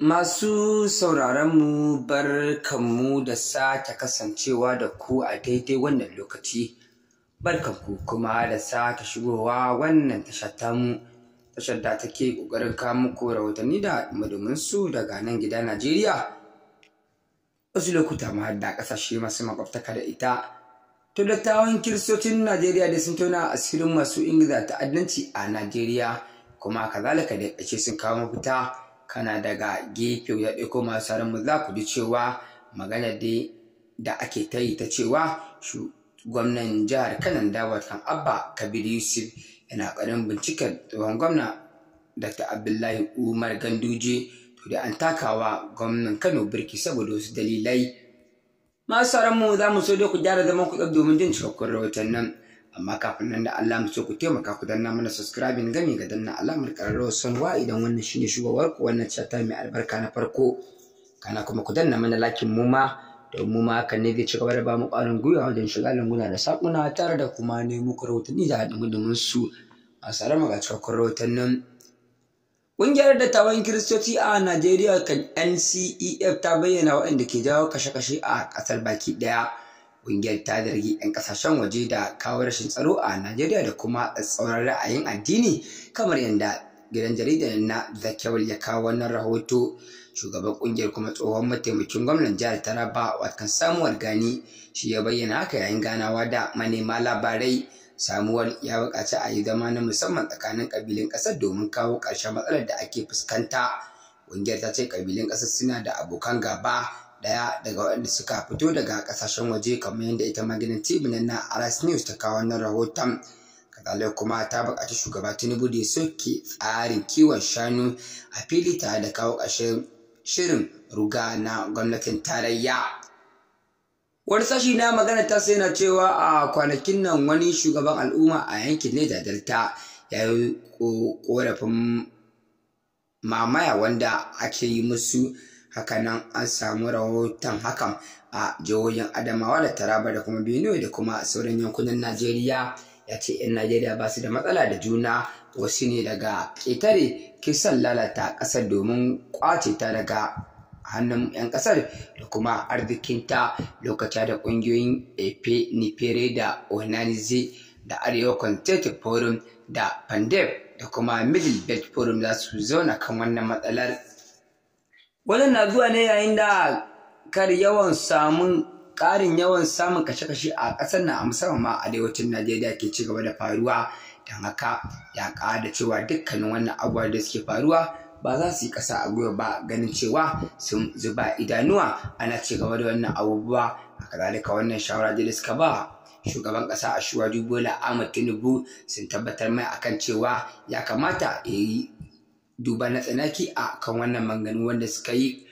Masu sauraronmu barkanmu da sake kasancewa da ku a daidai wannan lokaci, barkanku kuma da sake shigowa wannan tashatamu tashar take ƙoƙarin kawo muku rahotanni da su daga nan gida Najeriya. Wasu lokuta ma da ƙasashe masu makwabtaka da ita. To dattawan kiristocin Najeriya da sun tona asirin masu ingiza ta'addanci a Najeriya kuma kazalika da ake sun kawo mafita. kana daga gefe ya ɗauko masu mu za ku ji cewa magana dai da ake ta yi ta cewa gwamnan jihar kanan dawar kan abba kabir yusuf yana ƙarin binciken tsohon gwamna dr abdullahi umar ganduje to da an takawa gwamnan kano birki saboda wasu dalilai masu mu za mu so ku gyara zaman ku domin jin cikakkun rahoton nan amma kafin nan da Allah so ku taimaka ku danna mana subscribing gami ga danna alamar ƙararrawar sanwa idan wannan shine shugabar ku wannan chat mai albarka na farko kana kuma ku danna mana lakin mu ma don mu ma hakan ne zai ci gaba da ba mu ƙwarin gwiwa wajen shiga lunguna da saƙuna tare da kuma nemo ku rahotanni da haɗin su a sarama ga cikakkun rahotannin Ƙungiyar dattawan Kiristoci a Najeriya kan NCEF ta bayyana waɗanda ke jawo kashe-kashe a ƙasar baki ɗaya. kungiyar ta zargi 'yan kasashen waje da kawo rashin tsaro a Najeriya da kuma tsauran ra'ayin addini kamar yadda gidan jaridar na Zakewal ya kawo wannan rahoto. Shugaban ƙungiyar kuma tsohon mataimakin gwamnan jihar Taraba Watkan Samuwar Gani shi ya bayyana haka yayin ganawa da manema labarai. Samuwar ya buƙaci a yi zama na musamman tsakanin ƙabilun ƙasar domin kawo ƙarshen matsalar da ake fuskanta. Ƙungiyar ta ce ƙabilun ƙasar suna da abokan gaba daya daga waɗanda suka fito daga kasashen waje kamar yadda ita maganin tv na aras news ta kawo wannan rahoton kazalai kuma ta buƙaci shugaba tinubu da soke tsarin kiwon shanu a fili tare da kawo ƙarshen shirin ruga na gwamnatin tarayya wani sashi na magana ta sai cewa a kwanakin nan wani shugaban al'umma a yankin ne da Delta ya yi korafin mamaya wanda ake yi musu hakanan an samu rahoton hakan a jihohin adamawa da taraba da kuma benue da kuma sauran yankunan najeriya ya ce 'yan najeriya ba su da matsala da juna wasu ne daga ƙetare kisan lalata ƙasar domin ƙwace ta daga hannun 'yan ƙasar da kuma arzikinta lokacin da ƙungiyoyin efe nifere da onanize da arewa concerted forum da pandep da kuma middle belt forum za su zauna kan wannan matsalar wannan na zuwa ne yayin da kar yawan samun ƙarin yawan samun kashe-kashe a ƙasar na musamman ma a arewacin najeriya ke ci gaba da faruwa don haka ya da cewa dukkanin wannan abubuwa da suke faruwa ba za su yi ƙasa a gwiwa ba ganin cewa sun zuba idanuwa ana ci gaba da wannan abubuwa a kazalika wannan shawara da suka ba shugaban ƙasa a shuwa bola ahmad tinubu sun tabbatar mai akan cewa ya kamata ya yi duba na tsanaki a kan wannan manganu wanda suka yi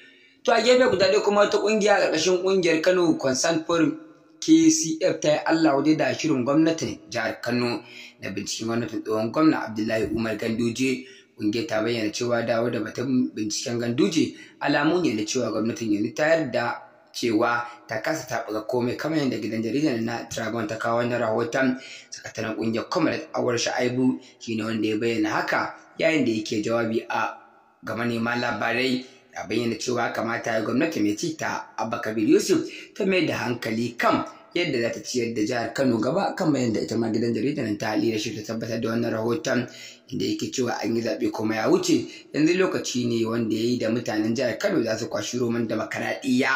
to a gefe guda dai kuma wata kungiya ƙarƙashin kungiyar Kano Consent Forum KCF ta yi Allah wadai da shirin gwamnatin jihar Kano da binciken gwamnatin tsohon gwamna Abdullahi Umar Ganduje kungiyar ta bayyana cewa dawo da batun binciken Ganduje alamu ne na cewa gwamnatin yanzu ta yarda cewa ta kasa buga komai kamar yadda gidan jaridar na Tragon ta kawo wannan rahoton sakataren kungiyar Comrade Awar Sha'aibu shine wanda ya bayyana haka yayin da yake jawabi a ga manema labarai da bayyana cewa kamata ya gwamnati mai ci ta abba kabir yusuf ta mai da hankali kan yadda za ta ciyar da jihar kano gaba kan bayan da ita ma gidan jaridan ta da shi ta tabbatar da wannan rahoton inda yake cewa an yi zaɓe kuma ya wuce yanzu lokaci ne wanda ya yi da mutanen jihar kano za su kwashi roman demokaradiyya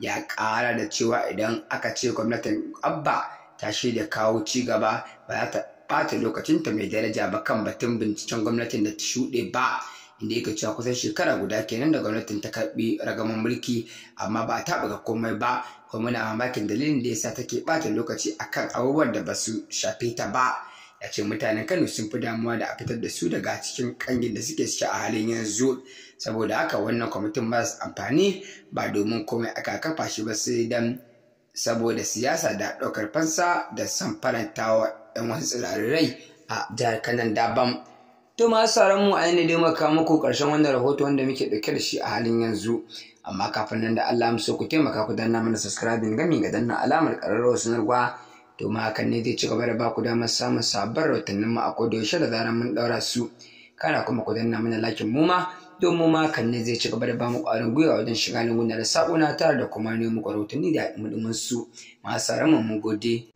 ya ƙara da cewa idan aka ce gwamnatin abba ta shirya kawo ci gaba ba za ta ɓata ta mai daraja ba kan batun binciken gwamnatin da ta shuɗe ba inda yake cewa kusan shekara guda kenan da gwamnatin ta karɓi ragaman mulki amma ba a taɓa ga komai ba kuma muna mamakin dalilin da yasa take ɓata lokaci akan abubuwan da ba su shafe ta ba ya ce mutanen kano sun fi damuwa da a fitar da su daga cikin kangin da suke ciki a halin yanzu saboda haka wannan kwamitin ba su amfani ba domin komai aka kafa shi ba sai dan saboda siyasa da ɗaukar fansa da son faranta 'yan wasu tsirarai a jihar kanan daban to masu sauran mu a yana dai maka muku ƙarshen wannan rahoto wanda muke ɗauke da shi a halin yanzu amma kafin nan da Allah mu so ku taimaka ku danna mana subscribing gami ga danna alamar ƙararrawar sanarwa ma hakan ne zai ci gaba da ba ku damar samun sabbin rahotannin mu a kodayaushe da zarar mun ɗaura su kana kuma ku danna mana lakin mu ma don mu ma hakan ne zai ci gaba da ba mu ƙwarin gwiwa wajen shiga lungu da saƙuna tare da kuma nemo rahotanni da haɗin su masu sauran mu gode.